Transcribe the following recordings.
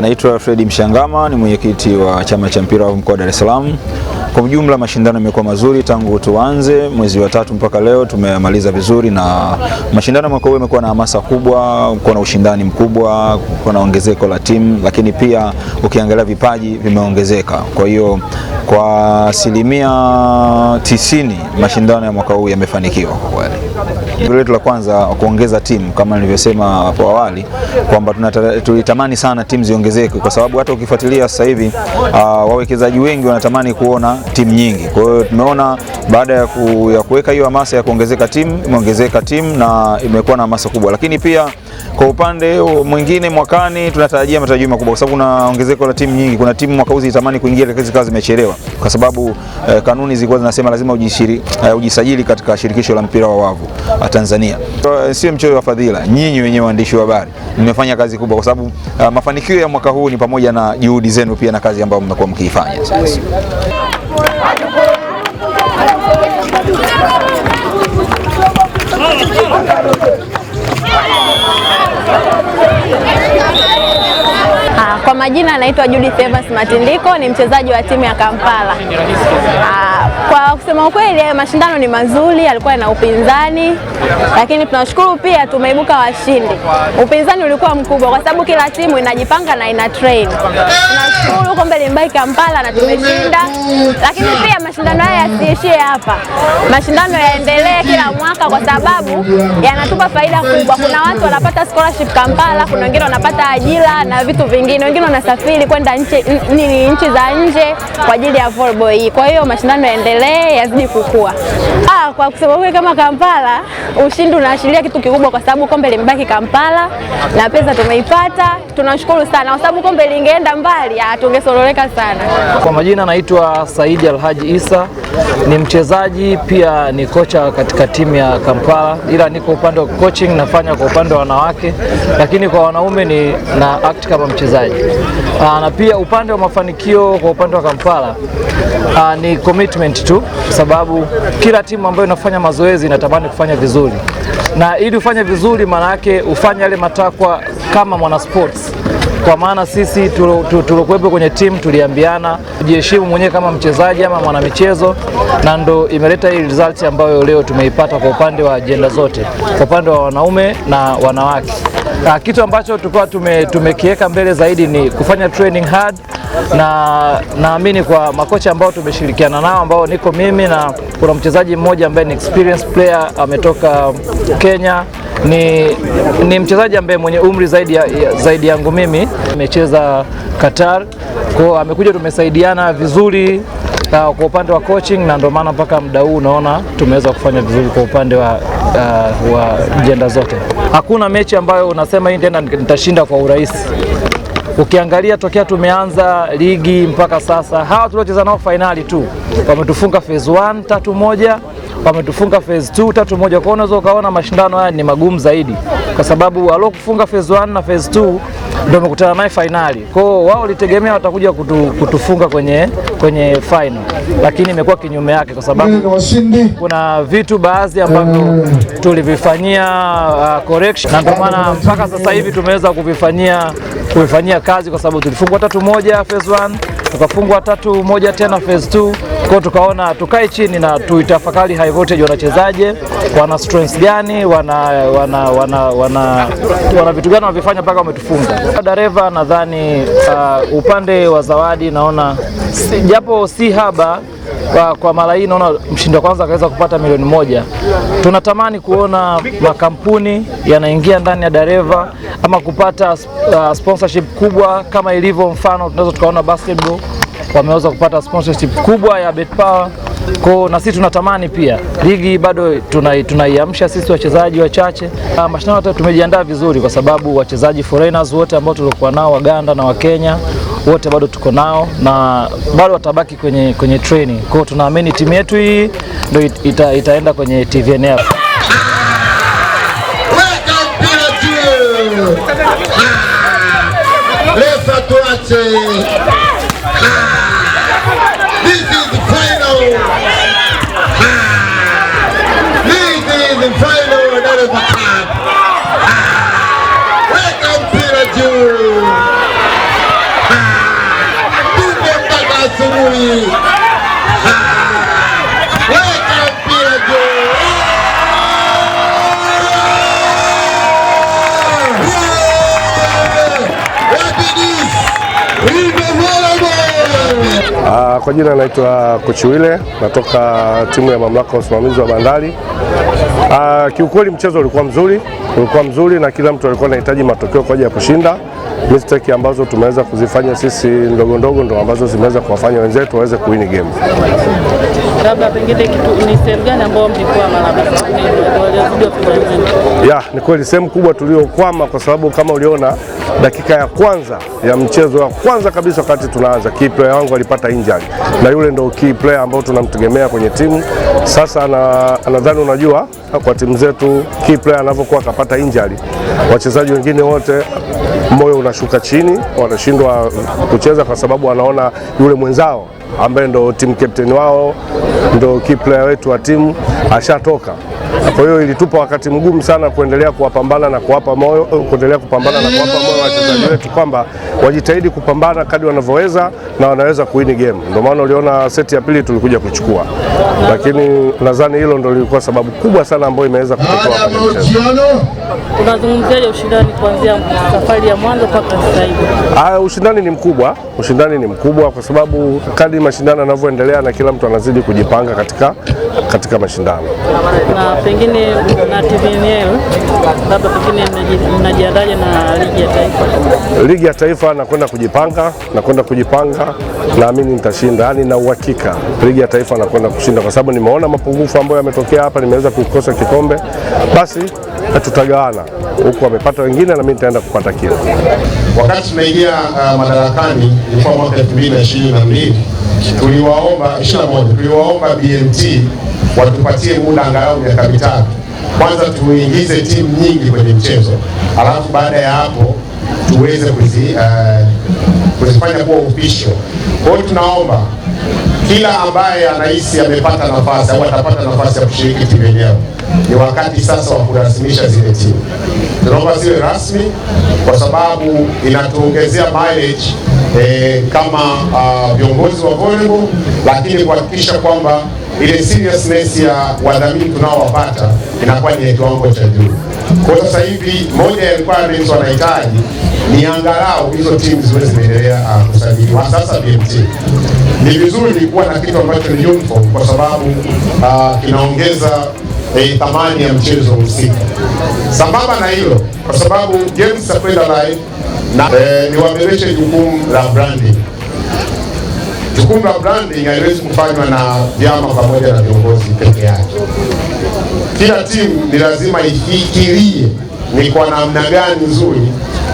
Naitwa Fredi Mshangama, ni mwenyekiti wa chama cha mpira wa mkoa wa Dar es Salaam. Kwa ujumla mashindano yamekuwa mazuri tangu tuanze mwezi wa tatu mpaka leo tumemaliza vizuri, na mashindano mwaka huu yamekuwa na hamasa kubwa, kuna ushindani mkubwa, kuna ongezeko la timu, lakini pia ukiangalia vipaji vimeongezeka. Kwa hiyo kwa asilimia tisini mashindano ya mwaka huu yamefanikiwa kwa kweli. Lengo letu la kwanza kuongeza timu kama nilivyosema hapo awali kwamba tulitamani sana timu ziongezeke, kwa sababu hata ukifuatilia sasa hivi uh, wawekezaji wengi wanatamani kuona timu nyingi. Kwa hiyo tumeona baada ya, ku, ya kuweka hiyo hamasa ya kuongezeka timu imeongezeka timu na imekuwa na hamasa kubwa, lakini pia kwa upande mwingine, mwakani tunatarajia matarajio makubwa, kwa sababu kuna ongezeko la timu nyingi. Kuna timu mwaka huu zilitamani kuingia katika kazi, zimechelewa kwa sababu eh, kanuni zilikuwa zinasema lazima ujishiri, eh, ujisajili katika shirikisho la mpira wa wavu wa eh, Tanzania. Eh, sio mchoyo wa fadhila, nyinyi wenyewe waandishi wa habari mmefanya kazi kubwa, kwa sababu eh, mafanikio ya mwaka huu ni pamoja na juhudi zenu pia na kazi ambayo mmekuwa mkiifanya. Kwa majina anaitwa Judith Evans Matindiko, ni mchezaji wa timu ya Kampala. Aa, ah, kwa kusema ukweli hayo mashindano ni mazuri, alikuwa na upinzani, lakini tunashukuru pia tumeibuka washindi. Upinzani ulikuwa mkubwa kwa sababu kila timu inajipanga na ina train. Tunashukuru kombe limebaki Kampala na tumeshinda, lakini pia mashindano haya yasiishie hapa, mashindano yaendelee kila mwaka kwa sababu yanatupa faida kubwa. Kuna watu wanapata scholarship Kampala, kuna wengine wanapata ajira na vitu vingine wengine wengine wanasafiri kwenda nchi nini, nchi za nje kwa ajili ya volleyball hii. Kwa hiyo mashindano yaendelee, yazidi kukua. Ah, kwa kusema kweli, kama Kampala ushindi unaashiria kitu kikubwa, kwa sababu kombe limebaki Kampala na pesa tumeipata, tunashukuru sana, kwa sababu kombe lingeenda mbali ah, tungesoroleka sana. Kwa majina, naitwa Saidi Alhaji Isa, ni mchezaji pia ni kocha katika timu ya Kampala, ila niko upande wa coaching, nafanya kwa upande wa wanawake, lakini kwa wanaume ni na act kama mchezaji. Aa, ah, na pia upande wa mafanikio kwa upande wa Kampala aa, ah, ni commitment tu, sababu kila timu ambayo inafanya mazoezi inatamani kufanya vizuri, na ili ufanye vizuri, maana yake ufanye yale matakwa kama mwana sports kwa maana sisi tulokuwepo kwenye timu tuliambiana kujiheshimu mwenyewe kama mchezaji ama mwanamichezo, na ndo imeleta hii result ambayo leo tumeipata kwa upande wa ajenda zote, kwa upande wa wanaume na wanawake. Ah, kitu ambacho tulikuwa tume, tumekiweka mbele zaidi ni kufanya training hard, na naamini kwa makocha ambao tumeshirikiana nao ambao niko mimi na kuna mchezaji mmoja ambaye ni experienced player ametoka Kenya ni, ni mchezaji ambaye mwenye umri zaidi, ya, zaidi yangu mimi, amecheza Qatar kwao, amekuja tumesaidiana vizuri uh, kwa upande wa coaching na ndio maana mpaka muda huu unaona tumeweza kufanya vizuri kwa upande wa, uh, wa jenda zote. Hakuna mechi ambayo unasema hii tena nitashinda kwa urahisi. Ukiangalia tokea tumeanza ligi mpaka sasa, hawa tuliocheza nao fainali tu wametufunga phase 1 tatu moja, wametufunga phase 2 tatu moja. Kwa hiyo unaweza ukaona mashindano haya ni magumu zaidi, kwa sababu waliokufunga phase 1 na phase 2 ndio mekutana naye fainali. Kwa hiyo wao walitegemea watakuja kutu, kutufunga kwenye, kwenye final, lakini imekuwa kinyume yake kwa sababu kuna vitu baadhi ambavyo eh. tulivifanyia uh, correction na ndio maana mpaka sasa hivi tumeweza kuvifanyia kuvifanyia kazi kwa sababu tulifungwa tatu moja phase 1 tukafungwa tatu moja tena phase 2 kwao, tukaona tukae chini na tuitafakari High Voltage wanachezaje, wana strength gani, wana wana wana wana, wana vitu gani wanavifanya mpaka wametufunga. Dereva nadhani uh, upande wa zawadi naona japo si haba kwa, kwa mara hii naona mshindi wa kwanza akaweza kupata milioni moja. Tunatamani kuona makampuni yanaingia ndani ya dereva ama kupata uh, sponsorship kubwa kama ilivyo, mfano tunaweza tukaona basketball wameweza kupata sponsorship kubwa ya Betpower ko na sisi tunatamani pia ligi bado tunaiamsha, tuna sisi wachezaji wachache. Uh, mashindano tumejiandaa vizuri, kwa sababu wachezaji foreigners wote ambao tulikuwa nao Waganda na Wakenya wote bado tuko nao na bado watabaki kwenye, kwenye training. Kwa hiyo tunaamini timu yetu hii ndio ita, itaenda kwenye TVNF. Lesa tuache Kwa jina naitwa Kuchiwile, natoka timu ya mamlaka ya usimamizi wa bandari. Ah, kiukweli mchezo ulikuwa mzuri, ulikuwa mzuri na kila mtu alikuwa anahitaji matokeo kwa ajili ya kushinda mistake ambazo tumeweza kuzifanya sisi ndogo ndogo ndo ambazo zimeweza kuwafanya wenzetu waweze kuwini game. Labda pengine kitu ni sehemu gani ambayo mlikwama labda? Ya, ni kweli sehemu kubwa tuliokwama, kwa sababu kama uliona dakika ya kwanza ya mchezo wa kwanza kabisa wakati tunaanza, key player wangu alipata injury, na yule ndo key player ambao tunamtegemea kwenye timu. Sasa anadhani unajua kwa timu zetu, key player anavyokuwa akapata injury, wachezaji wengine wote moyo unashuka chini, wanashindwa kucheza kwa sababu wanaona yule mwenzao ambaye ndo team captain wao ndo key player wetu wa timu ashatoka. Kwa hiyo ilitupa wakati mgumu sana kuendelea kuwapambana na kuwapa moyo, kuendelea kupambana na kuwapa moyo wachezaji wetu kwamba wajitahidi kupambana kadri wanavyoweza na wanaweza kuwini game. Ndio maana uliona seti ya pili tulikuja kuchukua, lakini nadhani hilo ndio lilikuwa sababu kubwa sana ambayo imeweza kutokea. mchezo. Unazungumziaje ushindani kuanzia safari ya mwanzo mpaka sasa hivi? Ah, ushindani ni mkubwa, ushindani ni mkubwa kwa sababu kadri mashindano yanavyoendelea na kila mtu anazidi kujipanga katika, katika mashindano na pengine na TVNL labda pengine mnajiandaje na ligi ya taifa? Ligi ya taifa taifa nakwenda kujipanga, nakwenda kujipanga, naamini nitashinda, yani na uhakika ligi ya taifa nakwenda kushinda, kwa sababu nimeona mapungufu ambayo yametokea hapa, nimeweza kukosa kikombe, basi tutagawana huku, wamepata wengine na mimi nitaenda kupata kile. Wakati tunaingia uh, madarakani ilikuwa mwaka 2022 tuliwaomba 21 tuliwaomba BMT watupatie muda angalau miaka mitatu kwanza tuingize timu nyingi kwenye mchezo, alafu baada ya hapo tuweze eh, kuzifanya kuwa upisho. Kwa hiyo tunaomba kila ambaye anahisi amepata nafasi au atapata nafasi ya kushiriki timu yenyewe, ni wakati sasa wa kurasimisha zile timu. Tunaomba ziwe rasmi, kwa sababu inatuongezea mileage e, kama ah, viongozi wa volleyball, lakini kuhakikisha kwamba ile seriousness ya wadhamini tunaowapata inakuwa ni kiwango cha juu. Kwa sasa hivi moja ya requirements wanahitaji ni angalau hizo timu ziwe zimeendelea uh, kusajili wa sasa BMT. Ni vizuri ni kuwa na kitu ambacho ni uniform kwa sababu uh, kinaongeza eh, thamani ya mchezo husika. Sambamba na hilo, kwa sababu games za kwenda live na eh, niwameleshe jukumu la branding. Jukumu la branding haiwezi kufanywa na vyama pamoja na viongozi peke yake. Kila timu ni lazima ifikirie ni kwa namna gani nzuri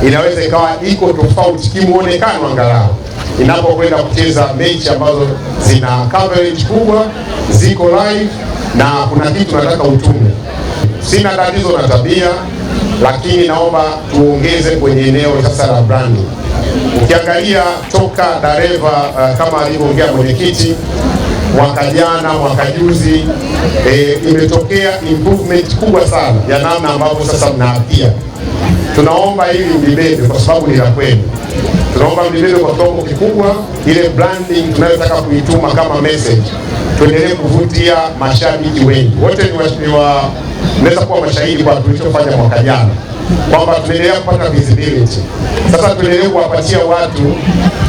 inaweza ikawa iko tofauti kimuonekano, angalau inapokwenda kucheza mechi ambazo zina coverage kubwa, ziko live na kuna kitu nataka utume. Sina tatizo na tabia, lakini naomba tuongeze kwenye eneo sasa la branding. Ukiangalia toka Dareva uh, kama alivyoongea mwenyekiti mwaka jana, mwaka juzi e, imetokea improvement kubwa sana ya namna ambavyo sasa mnaapia. Tunaomba hili mlibebe kwa sababu ni la kwenu. Tunaomba mlibebe kwa kiwango kikubwa, ile branding tunayotaka kuituma kama message, tuendelee kuvutia mashabiki wengi. Wote ni wa, mnaweza kuwa mashahidi kwa tulichofanya mwaka jana kwamba tunaendelea kupata visibility. Sasa tuendelee kuwapatia watu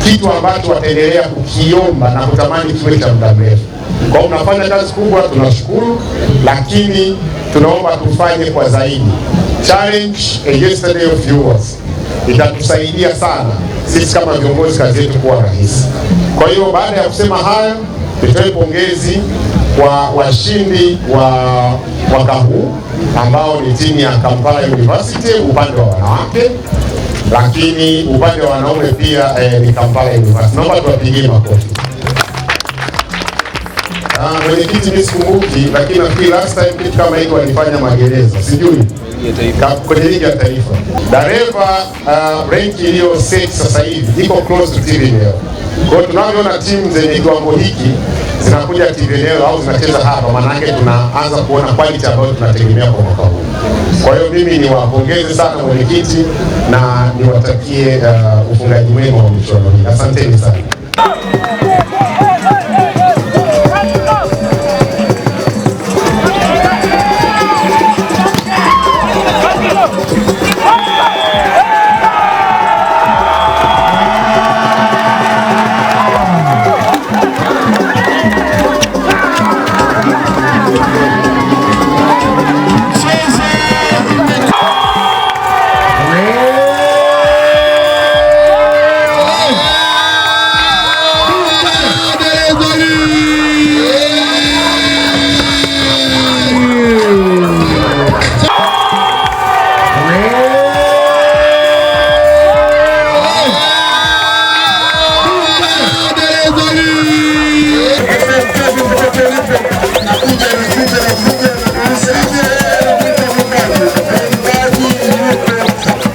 kitu ambacho wataendelea kukiomba na kutamani kiwe cha muda mrefu. Kwa mnafanya kazi kubwa, tunashukuru, lakini tunaomba tufanye kwa zaidi. Challenge yesterday of itatusaidia sana sisi kama viongozi, kazi yetu kuwa rahisi. Kwa hiyo baada ya kusema hayo, nitoe pongezi kwa washindi wa mwaka huu ambao ni timu ya Kampala University upande wa wanawake, lakini upande wa wanaume pia eh, ni Kampala University. Naomba tuwapigie makofi. Ah, mwenyekiti sikumbuki, lakini nafikiri last time kitu kama hiki walifanya magereza, sijui kwenye ligi ya taifa dereva uh, ah, rank iliyo set sasa hivi iko close to TV leo. Kwa hiyo tunavyoona timu zenye kiwango hiki zinakuja tvnl au zinacheza hapa, maanake tunaanza kuona quality ambayo tunategemea kwa mwaka huu. Kwa hiyo mimi niwapongeze sana mwenyekiti na niwatakie uh, ufungaji mwema wa michuano hii. Asanteni sana.